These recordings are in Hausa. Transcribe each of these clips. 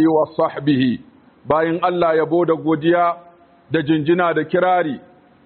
wa sahbihi bayan Allah yabo da godiya da jinjina da kirari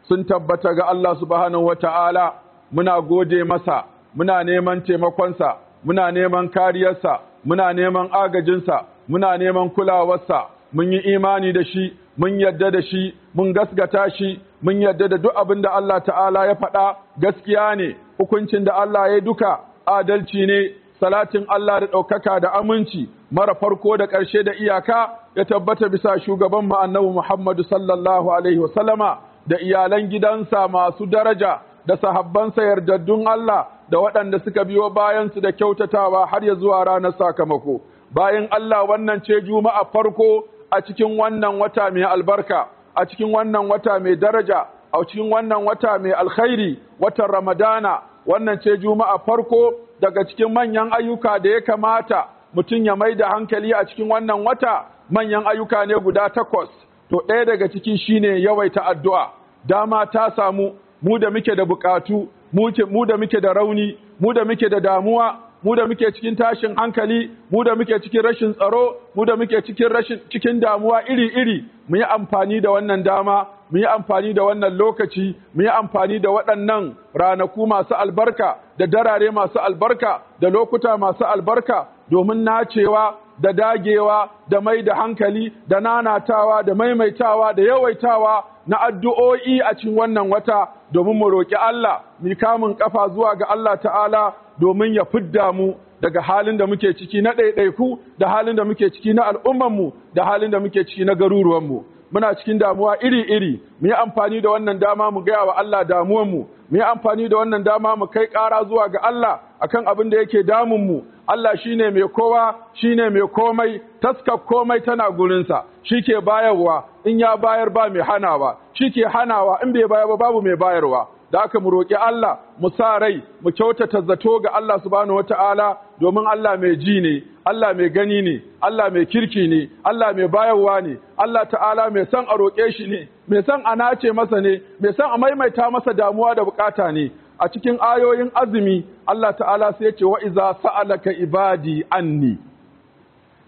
sun tabbata ga Allah subhanahu wata'ala muna gode masa muna neman taimakonsa muna neman kariyarsa muna neman agajinsa muna neman kulawarsa mun yi imani da shi mun yadda da shi mun gasgata shi mun yadda da duk abin da Allah ta'ala ya faɗa gaskiya ne hukuncin da Allah ya duka adalci ne salatin Allah da ɗaukaka da aminci mara farko da ƙarshe da iyaka ya tabbata bisa shugaban annabi Muhammadu sallallahu alaihi wasallama da iyalan gidansa masu daraja da sahabbansa yardaddun Allah da waɗanda suka biyo bayansu da kyautatawa har ya zuwa ranar sakamako bayan Allah wannan ce juma'a farko a cikin wannan wata mai albarka a cikin wannan wata mai daraja a cikin wannan wata mai alkhairi watan Ramadana wannan ce juma'a farko daga cikin manyan ayyuka da ya kamata mutum ya mai da hankali a cikin wannan wata manyan ayyuka ne guda takwas to ɗaya daga ciki shine yawaita addu'a dama ta samu mu da muke da bukatu mu da muke da rauni mu da muke da damuwa mu da muke cikin tashin hankali mu da muke cikin rashin tsaro mu da muke cikin rashin cikin damuwa iri-iri mu yi amfani da wannan dama mu yi amfani da wannan lokaci mu yi amfani da waɗannan ranaku masu albarka da darare masu albarka da lokuta masu albarka domin nacewa da dagewa da mai da hankali da nanatawa da maimaitawa da yawaitawa na addu'o'i a cikin wannan wata domin mu roƙi Allah mu kamun ƙafa zuwa ga Allah ta'ala domin ya fidda mu daga halin da muke ciki na ɗaiɗaiku da halin da muke ciki na al'ummanmu da halin da muke ciki na garuruwanmu muna cikin damuwa iri-iri mu yi amfani da wannan dama mu gaya wa Allah damuwanmu mu yi amfani da wannan dama mu kai ƙara zuwa ga Allah a kan abin da yake damunmu Allah shi ne mai kowa shi ne mai komai taskar komai tana gurinsa shi ke bayarwa in ya bayar ba mai hanawa shi ke hanawa in bai bayar ba babu mai bayarwa da aka mu roƙi Allah mu sa rai mu kyautata zato ga Allah subhanahu wataala domin Allah mai ji ne Allah mai gani ne Allah mai kirki ne Allah mai bayarwa ne Allah ta'ala mai son a roƙe shi ne mai san a nace masa ne mai san a maimaita masa damuwa da bukata ne a cikin ayoyin azumi Allah ta'ala sai ya ce wa iza sa'alaka ibadi anni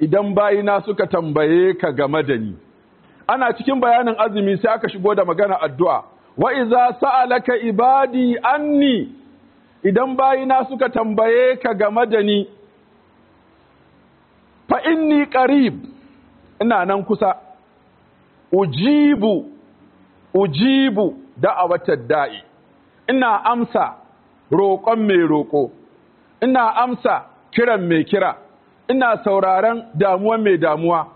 idan bayina suka tambaye ka game da ni ana cikin bayanin azumi sai aka shigo da magana addu'a wa iza sa'alaka ibadi anni idan bayina suka tambaye ka game da ni fa inni qarib ina nan kusa ujibu ujibu da'awatad da'i ina amsa roƙon mai roƙo ina amsa kiran mai kira ina sauraron damuwa mai damuwa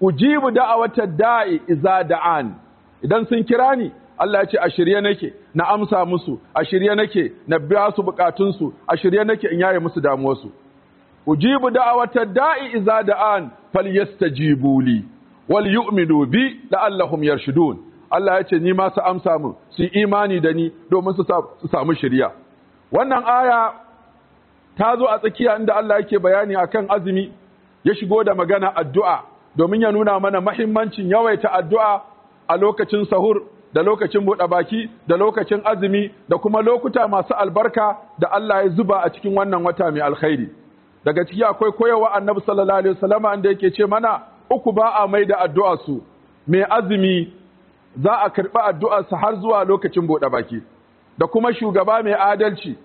ujibu da'awatad da'i iza da'an idan sun kira ni Allah ya ce a shirye nake na amsa musu a shirye nake na biya su bukatunsu a shirye nake in yaye musu damuwarsu ujibu da'awata da'i iza da'an yastajibu li wal yu'minu bi la'allahum yarshudun Allah ya ce ni ma su amsa min su imani da ni domin su samu shirya wannan aya ta zo a tsakiya inda Allah yake bayani akan azumi ya shigo da magana addu'a domin ya nuna mana mahimmancin yawaita addu'a a lokacin sahur da lokacin buɗe baki da lokacin azumi da kuma lokuta masu albarka da Allah ya zuba a cikin wannan wata mai alkhairi daga ciki akwai koyarwa annabi sallallahu alaihi wasallam da yake ce mana uku ba a mai da addu'a su mai azumi za a karɓi su har zuwa lokacin buɗe baki da kuma shugaba mai adalci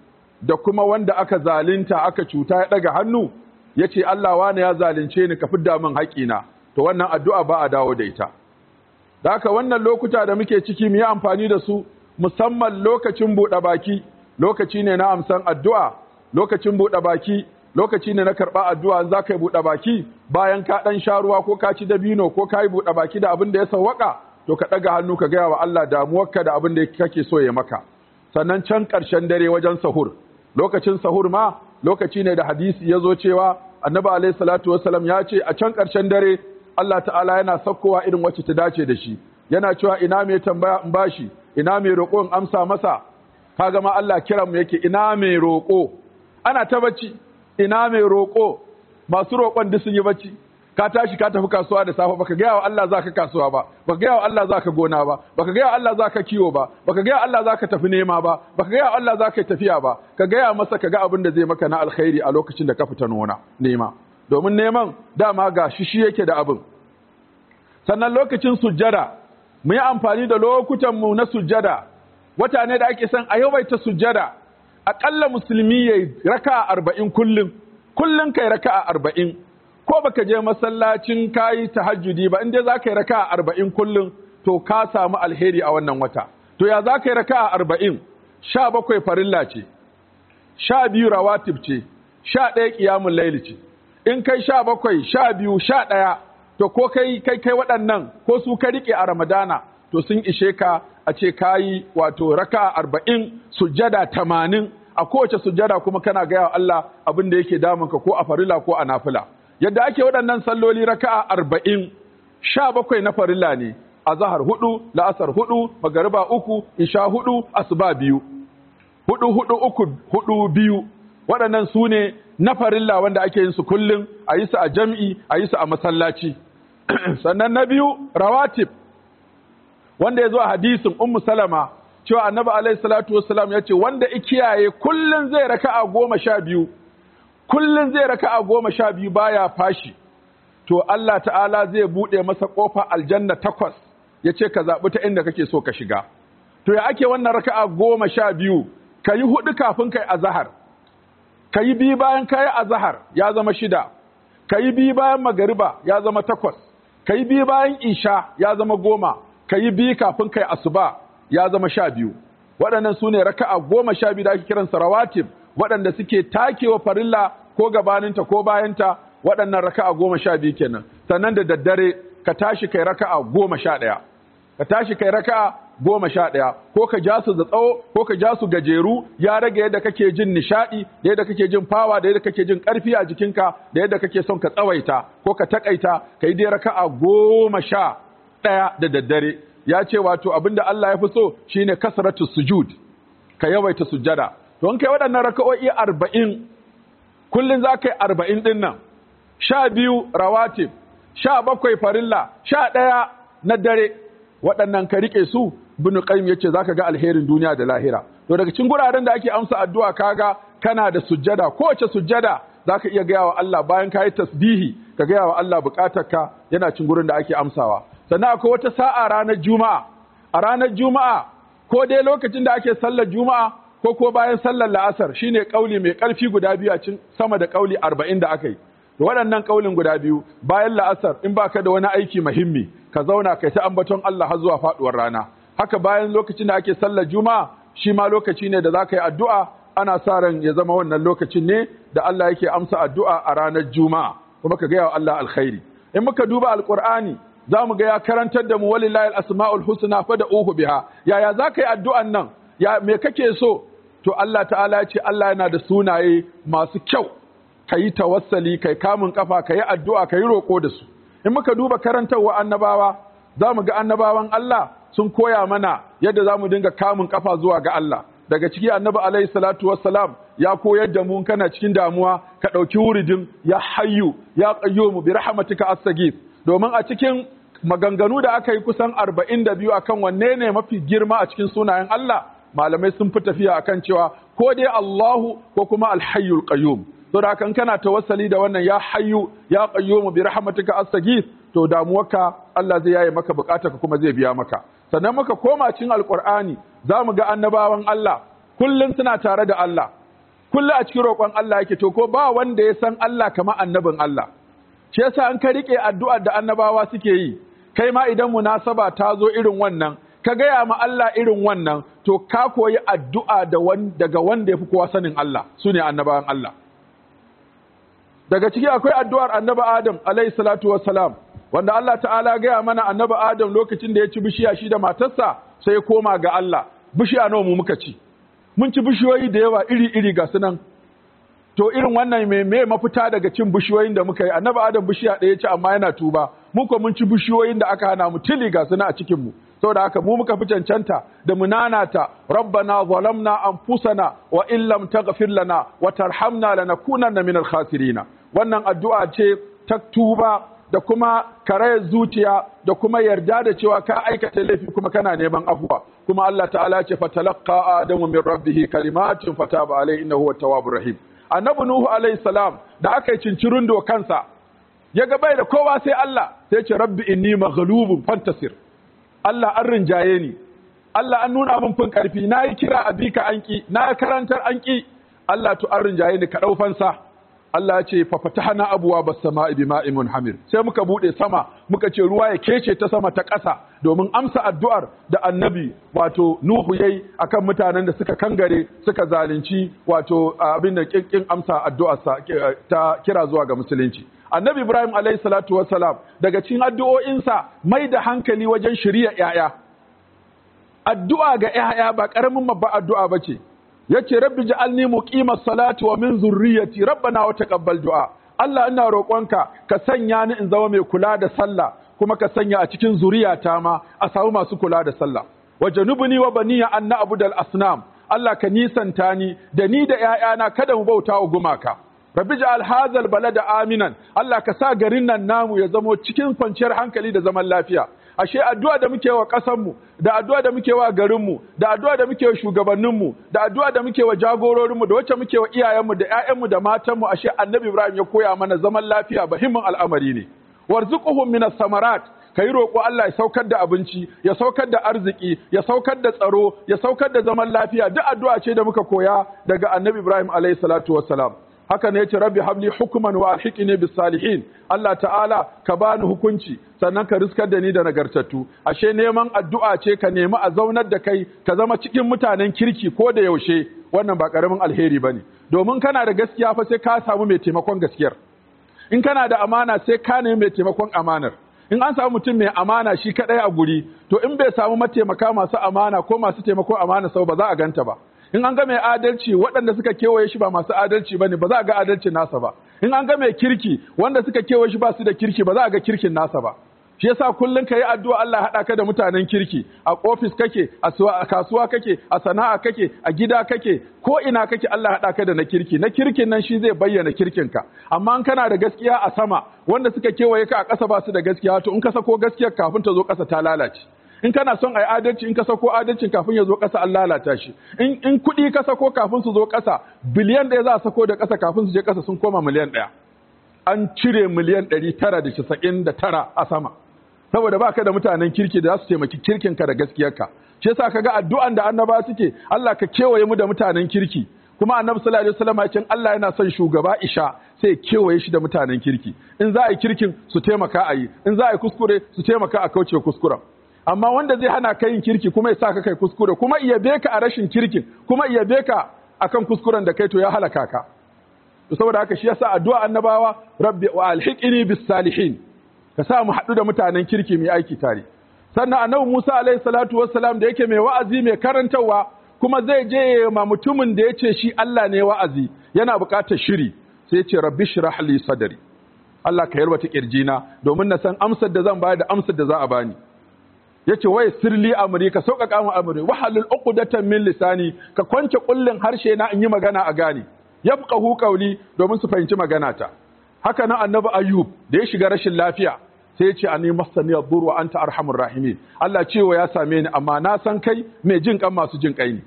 da kuma wanda aka zalunta aka cuta ya ɗaga hannu yace Allah wane ya zalunce ni ka fidda min haƙina to wannan addu'a ba a dawo da ita da haka wannan lokuta da muke ciki mu yi amfani da su musamman lokacin buɗe baki lokaci ne na amsan addu'a lokacin buɗe baki lokaci ne na karɓa addu'a za ka yi buɗe baki bayan ka ɗan sha ruwa ko ka ci dabino ko ka yi buɗe baki da abin da ya sauwaka to ka ɗaga hannu ka gaya wa Allah damuwarka da abin da kake so ya maka sannan can ƙarshen dare wajen sahur lokacin sahur ma lokaci ne da hadisi ya zo cewa annabi alaihi ya ce a can ƙarshen dare Allah ta'ala yana sakkowa irin wacce ta dace da shi yana cewa ina mai tambaya in bashi ina mai roƙo in amsa masa kaga ma Allah kiran mu yake ina mai roƙo ana ta bacci ina mai roƙo masu roƙon duk sun yi bacci ka tashi ka tafi kasuwa da safe baka gaya wa Allah za ka kasuwa ba baka gaya wa Allah za ka gona ba baka gaya wa Allah za ka kiwo ba baka gaya wa Allah za ka tafi nema ba baka gaya wa Allah za ka tafiya ba ka gaya masa ka ga abin da zai maka na alkhairi a lokacin da ka fita nona nema domin neman dama ga shi shi yake da abin sannan lokacin sujjada mu yi amfani da lokutanmu na sujjada wata ne da ake san a yawaita sujjada aƙalla musulmi ya yi raka a arba'in kullum kullum kai raka a arba'in ko baka je masallacin kayi hajjudi ba in dai za ka yi raka a arba'in kullum to ka samu alheri a wannan wata to ya za ka yi raka a arba'in sha bakwai farilla ce sha biyu rawatib ce sha ɗaya ƙiyamun laili ce in kai sha bakwai sha biyu sha ɗaya to ko kai kai kai waɗannan ko su ka riƙe a ramadana to sun ishe ka a ce ka yi wato raka arba'in sujada tamanin a kowace sujada kuma kana gaya wa Allah abin da yake damunka ko a farila ko a nafila yadda ake waɗannan salloli raka'a arba'in sha bakwai na farila ne a zahar hudu la'asar hudu magariba uku isha hudu asuba biyu hudu hudu uku hudu biyu waɗannan su ne na farilla wanda ake yin su kullum a yi su a jam'i a yi su a masallaci sannan na biyu rawatib wanda ya zo a hadisin ummu salama cewa annabi alaihi salatu wassalam ya ce wanda ikiyaye kullum zai raka'a goma sha biyu kullum zai raka'a goma sha biyu baya fashi to Allah ta'ala zai buɗe masa ƙofa aljanna takwas ya ce ka zaɓi ta inda kake so ka shiga to ya ake wannan raka'a goma sha biyu ka yi huɗu kafin kai azahar ka yi biyu bayan ka yi azahar ya zama shida ka yi biyu bayan magariba ya zama takwas ka yi biyu bayan isha ya zama goma ka yi biyu kafin kai asuba ya zama sha biyu waɗannan su ne raka'a goma sha biyu da ake kiransa rawatib waɗanda suke takewa farilla ko gabaninta ko bayanta waɗannan raka'a goma sha biyu kenan sannan da daddare ka tashi kai raka'a goma sha ɗaya ka tashi kai raka'a goma sha ɗaya ko ka ja su da tsawo ko ka ja su gajeru ya rage yadda kake jin nishaɗi da yadda kake jin fawa da yadda kake jin ƙarfi a jikinka da yadda kake son ka tsawaita ko ka takaita ka yi dai raka'a goma sha ɗaya da daddare ya ce wato abinda Allah ya fi so shine kasratu sujud ka yawaita sujada to in kai waɗannan raka'o'i arba'in kullum za ka yi arba'in ɗin nan sha biyu rawatib sha bakwai farilla sha ɗaya na dare waɗannan ka riƙe su ya ce yace zaka ga alherin duniya da lahira to daga cikin guraren da ake amsa addu'a kaga kana da sujjada kowace sujjada ka iya gaya wa Allah bayan kayi tasbihi ka gaya wa Allah bukatarka yana cin gurin da ake amsawa sannan akwai wata sa'a ranar juma'a a ranar juma'a ko dai lokacin da ake sallar juma'a ko ko bayan sallar la'asar shine kauli mai ƙarfi guda biyu a cikin sama da kauli 40 da aka yi waɗannan kaulin guda biyu bayan la'asar in baka da wani aiki muhimmi ka zauna kai ta ambaton Allah har zuwa faduwar rana haka bayan lokacin da ake sallar juma'a shi ma lokaci ne da zaka yi addu'a ana sa ran ya zama wannan lokacin ne da Allah yake amsa addu'a a ranar juma'a kuma ka gaya wa Allah alkhairi in muka duba alqur'ani za mu ga ya karantar da mu walillahi asmaul husna fa da uhu biha yaya zaka yi addu'an nan ya me kake so to Allah ta'ala ya ce Allah yana da sunaye masu kyau ka yi tawassali kai kamun kafa ka addu'a ka roko da su in muka duba karantarwa annabawa za mu ga annabawan Allah sun koya mana yadda za mu dinga kamun kafa zuwa ga Allah daga ciki annabi alayhi salatu wassalam ya koyar da mu kana cikin damuwa ka ɗauki wuridin ya hayyu ya qayyumu bi rahmatika as-sagif domin a cikin maganganu da aka yi kusan 42 akan wanne ne mafi girma a cikin sunayen Allah malamai sun fi tafiya akan cewa ko dai Allahu ko kuma al-hayyul qayyum to da kan kana tawassali da wannan ya hayyu ya qayyumu bi rahmatika astaghith to damuwarka Allah zai yaye maka bukatarka kuma zai biya maka sannan muka koma cikin alqur'ani zamu ga annabawan Allah kullun suna tare da Allah kullu a cikin roƙon Allah yake to ko ba wanda ya san Allah kamar annabin Allah shi yasa an ka rike addu'ar da annabawa suke yi kai ma idan munasaba ta zo irin wannan ka gaya ma Allah irin wannan to ka koyi addu'a da daga wanda ya fi kowa sanin Allah sune annabawan Allah daga ciki akwai addu'ar annabi adam alayhi salatu wassalam wanda Allah ta'ala gaya mana annabi adam lokacin da ya ci bishiya shi da matarsa sai ya koma ga Allah bishiya nawa mu muka ci mun ci bishiyoyi da yawa iri iri ga sunan to irin wannan me me mafita daga cin bishiyoyin da muka yi annabi adam bishiya ɗaya ci amma yana tuba mu ko mun ci bishiyoyin da aka hana mu tili ga sunan a cikin mu saboda haka mu muka fi cancanta da mu nanata rabbana zalamna anfusana wa illam taghfir lana wa tarhamna lanakunanna minal khasirina wannan addu'a ce ta tuba da kuma karayar zuciya da kuma yarda da cewa ka aikata laifi kuma kana neman afuwa kuma Allah ta'ala ce fatalaqqa adamu min rabbih kalimatin fataba alayhi innahu huwa tawwabur rahim annabi nuhu alayhi salam da aka yi cincirin do kansa ya ga bai da kowa sai Allah sai ce rabbi inni maghlubun fantasir Allah an rinjaye ni Allah an nuna min fin karfi yi kira a abika anki na karantar anki Allah to an rinjaye ni ka dau fansa Allah ya ce fa fatahna ba sama samaai bima'in munhamir sai muka bude sama muka ce ruwa ya kece ta sama ta ƙasa domin amsa addu'ar da annabi wato Nuhu yayi akan mutanen da suka kangare suka zalunci wato abin da kinkin amsa addu'arsa ta kira zuwa ga musulunci annabi Ibrahim alayhi salatu wassalam daga cikin addu'o'insa mai da hankali wajen shirya yaya addu'a ga yaya ba ƙaramin babba addu'a ba ce. yace rabbi ja'alni muqimas salati wa min zurriyyati rabbana wa taqabbal du'a Allah ina roƙonka ka sanya ni in zama mai kula da sallah kuma ka sanya a cikin zuriyata ma a samu masu kula da sallah wajanubni wa baniya an na'budu asnam Allah ka nisanta ni da ni da ƴaƴana kada mu bauta wa gumaka rabbi ja'al hadzal balada aminan Allah ka sa garin nan namu ya zamo cikin kwanciyar hankali da zaman lafiya ashe addu'a da muke wa ƙasanmu, da addu'a da muke wa garinmu da addu'a da muke wa shugabanninmu da addu'a da muke wa jagororinmu da wacce muke wa iyayenmu da ƴaƴanmu da matanmu ashe annabi Ibrahim ya koya mana zaman lafiya bahimmin al'amari ne warzuquhum minas samarat ka yi roƙo Allah ya saukar da abinci ya saukar da arziki ya saukar da tsaro ya saukar da zaman lafiya duk addu'a ce da muka koya daga annabi Ibrahim alayhi salatu wassalam haka ne yace rabbi habli hukuman wa alhiqni bis salihin Allah ta'ala ka bani hukunci sannan ka riskar da ni da nagartattu ashe neman addu'a ce ka nemi a zaunar da kai ka zama cikin mutanen kirki ko da yaushe wannan ba karamin alheri bane domin kana da gaskiya fa sai ka samu mai taimakon gaskiyar in kana da amana sai ka nemi mai taimakon amanar in an samu mutum mai amana shi kadai a guri to in bai samu mataimaka masu amana ko masu taimakon amana sau ba za a ganta ba in an ga mai adalci waɗanda suka kewaye shi ba masu adalci ba ne ba za a ga adalcin nasa ba in an ga mai kirki wanda suka kewaye shi ba su da kirki ba za a ga kirkin nasa ba shi yasa ka yi addu'a Allah haɗa ka da mutanen kirki a ofis kake a kasuwa kake a sana'a kake a gida kake ko ina kake Allah haɗa ka da na kirki na kirkin nan shi zai bayyana kirkin ka. amma in kana da gaskiya a sama wanda suka kewaye ka a ƙasa ba su da gaskiya to in ka sako gaskiyar kafin ta zo ƙasa ta lalace in kana son yi adalci in ka sako adalcin kafin ya zo ƙasa an lalata shi in in kuɗi ka sako kafin su zo ƙasa biliyan ɗaya za a sako da ƙasa kafin su je ƙasa sun koma miliyan ɗaya an cire miliyan ɗari tara da casa'in da tara a sama saboda ba ka da mutanen kirki da za su taimaki kirkinka da gaskiyarka shi yasa ga addu'an da annaba suke Allah ka kewaye mu da mutanen kirki kuma annabi sallallahu alaihi wasallam yakin Allah yana son shugaba isha sai kewaye shi da mutanen kirki in za a yi kirkin su taimaka a yi in za a yi kuskure su taimaka a kauce kuskuren amma wanda zai hana ka yin kirki kuma ya sa ka kai kuskure kuma iya beka a rashin kirkin kuma iya beka akan kuskuren da kai to ya halaka ka to saboda haka shi yasa addu'a annabawa rabbi wa alhiqni bis salihin ka sa mu haɗu da mutanen kirki mu aiki tare sannan annabi Musa alaihi salatu wassalam da yake mai wa'azi mai karantarwa kuma zai je ma mutumin da yace shi Allah ne wa'azi yana buƙatar shiri sai yace rabbi shrah li sadri Allah ka yarwata kirjina domin na san amsar da zan bayar da amsar da za a bani yace wai sirli amri ka sauƙaƙa mu amri wa halul uqdatan min lisani ka kwance kullin harshe na in yi magana a gane hu qawli domin su fahimci magana ta haka nan annabi ayyub da ya shiga rashin lafiya sai ya ce ani masani yadur wa anta arhamur rahimin Allah cewa ya same ni amma na san kai mai jin kan masu jin kai ne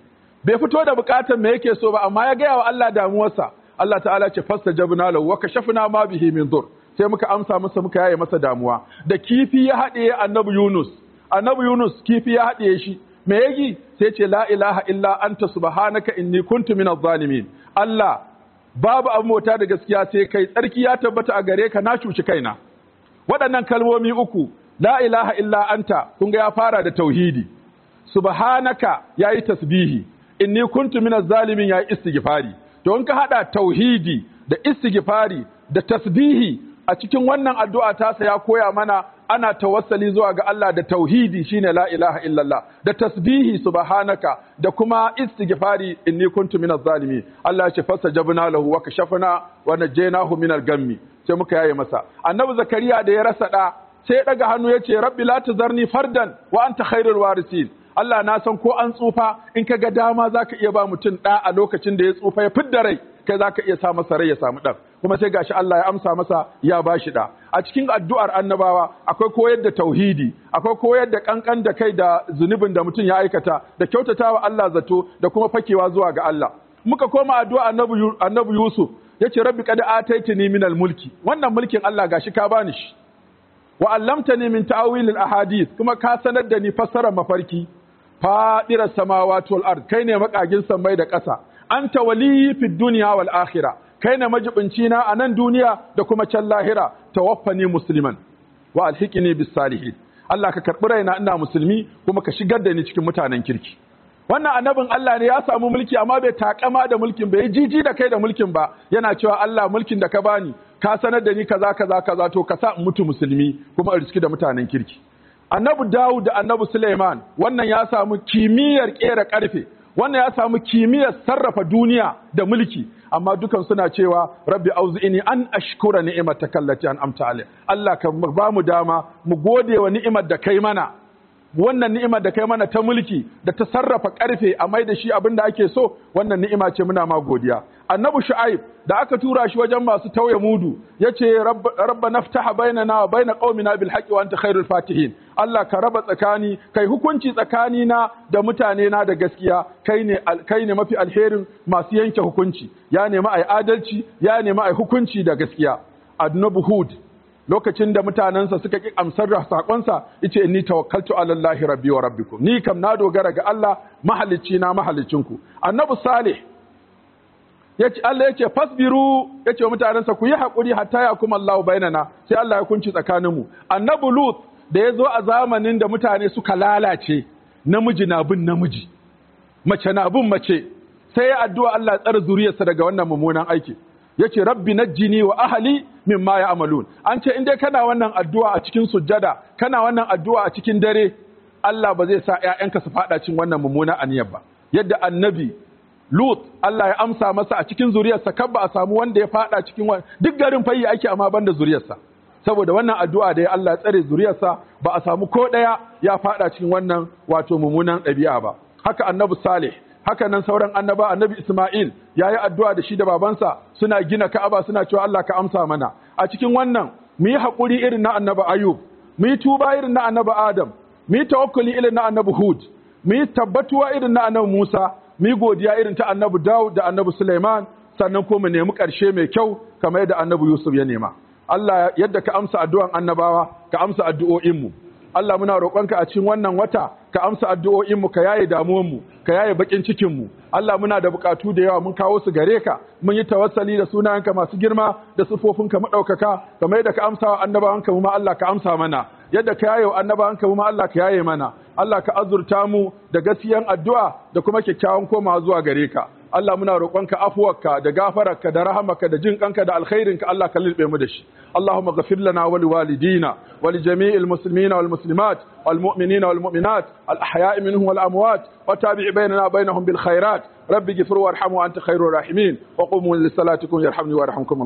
bai fito da bukatar me yake so ba amma ya gaya wa Allah damuwarsa Allah ta'ala ce fastajabna lahu wa kashafna ma bihi min dur sai muka amsa masa muka yaye masa damuwa da kifi ya haɗe annabi Yunus annabi Yunus kifi ya haɗiye shi me yagi sai ce la ilaha illa anta subhanaka inni kuntu minaz zalimin Allah babu abin mota da gaskiya sai kai tsarki ya tabbata a gare ka na cuci kaina waɗannan kalmomi uku la ilaha illa anta kun ga ya fara da tauhidi subhanaka yayi tasbihi inni kuntu minaz zalimin yayi istighfari to in ka hada tauhidi da istighfari da tasbihi a cikin wannan addu'a tasa ya koya mana ana tawassali zuwa ga Allah da tauhidi shine la ilaha illallah da tasbihi subhanaka da kuma istighfari inni kuntu minaz zalimi Allah ya ce fasajabna lahu wa kashafna wa najaynahu minal gammi sai muka yaye masa annabi zakariya da ya rasa da sai ya daga hannu yace rabbi la tazarni fardan wa anta khairul warisin Allah na san ko an tsufa in kaga dama zaka iya ba mutum da a lokacin da ya tsufa ya fidda rai kai za ka iya sa masa rai ya samu dan kuma sai gashi Allah ya amsa masa ya ba shi ɗa a cikin addu'ar annabawa akwai koyar da tauhidi akwai koyar da kankan da kai da zunubin da mutum ya aikata da kyautatawa Allah zato da kuma fakewa zuwa ga Allah muka koma addu'a annabi annabi Yusuf yace rabbi ataiti ni minal mulki wannan mulkin Allah gashi ka bani shi wa allamtani min ta'wil ahadith kuma ka sanar da ni fassarar mafarki fadirar samawati wal ard kai ne makagin sammai da ƙasa anta waliyi fid dunya wal akhira kai na majibinci na a nan duniya da kuma can lahira tawaffani musliman wa alhiqini bis salihin Allah ka karbi raina ina musulmi kuma ka shigar da ni cikin mutanen kirki wannan annabin Allah ne ya samu mulki amma bai takama da mulkin bai jiji da kai da mulkin ba yana cewa Allah mulkin da ka bani ka sanar da ni kaza kaza kaza to ka sa mutu musulmi kuma in riski da mutanen kirki annabi Dawud da annabi Suleiman wannan ya samu kimiyyar kera karfe wannan ya samu kimiyyar sarrafa duniya da mulki amma dukan suna cewa rabbi auzini an ashkura ta kallati an amta Allah ka ba mu dama mu gode wa ni'imar da kai mana wannan ni'ima da kai mana ta mulki da ta sarrafa karfe a mai da shi abin da ake so wannan ni'ima ce muna ma godiya annabi shu'aib da aka tura shi wajen masu tauye mudu yace rabba naftaha bainana wa baina qaumina bil haqqi wa anta khairul fatihin Allah ka raba tsakani kai hukunci tsakani na da mutane na da gaskiya kai ne kai ne mafi alherin masu yanke hukunci ya nemi ai adalci ya nemi ai hukunci da gaskiya annabi hud lokacin da mutanensa suka ƙi amsar da saƙonsa yace ni tawakkaltu ala lahi rabbi wa rabbikum ni kam na dogara ga Allah mahalicci na mahalicinku annabi salih yace Allah yace fasbiru yace mutanensa ku yi hakuri hatta ya kuma Allah bainana sai Allah ya kunci tsakanin tsakaninmu annabi lut da ya zo a zamanin da mutane suka lalace namiji na bin namiji mace na bin mace sai ya addu'a Allah tsare zuriyarsa daga wannan mummunan aiki yace rabbi najjini wa ahli Min ma ya amalun an ce in dai kana wannan addu'a a cikin sujjada kana wannan addu'a a cikin dare Allah ba zai sa ƴaƴanka su faɗa cin wannan mummuna aniyar ba yadda annabi Lut Allah ya amsa masa a cikin zuriyarsa kar ba a samu wanda ya faɗa cikin duk garin fayyi ake amma banda zuriyarsa saboda wannan addu'a da ya Allah tsare zuriyarsa ba a samu ko ɗaya ya faɗa cikin wannan wato mummunan ɗabi'a ba haka annabi Saleh. haka nan sauran annaba annabi Ismail yi addu'a da shi da babansa suna gina Ka'aba suna cewa Allah ka amsa mana a cikin wannan mu yi hakuri irin na annaba Ayub mu yi tuba irin na annaba Adam mu yi tawakkuli irin na annabi Hud mu yi tabbatuwa irin na annabi Musa mu yi godiya irin ta annabi Dawud da annabi Suleiman, sannan ko mu nemi ƙarshe mai kyau kamar yadda annabi Yusuf ya nema Allah yadda ka amsa addu'an annabawa ka amsa addu'o'in mu Allah muna roƙonka a cikin wannan wata ka amsa addu'o'in mu ka yaye damuwan mu ka yaye bakin cikinmu. Allah muna da bukatu da yawa mun kawo su gare ka mun yi tawassali da sunayenka masu girma da sifofinka madaukaka kamar da ka amsa wa annabawanka mu ma Allah ka amsa mana yadda ka yaye wa annabawanka mu Allah ka yaye mana Allah ka azurta mu da gaskiyan addu'a da kuma kyakkyawan komawa zuwa gare ka Allah muna roƙonka afuwarka da gafararka da rahamarka da jin kanka da alkhairinka Allah ka lilbe mu da shi Allahumma ghafir lana wa liwalidina wa li jami'il muslimina wal muslimat wal mu'minina wal mu'minat al ahya'i minhum wal amwat wa tabi' bainana bainahum bil khairat rabbi warham wa anta khairur rahimin wa qumu li salatikum yarhamni wa yarhamkum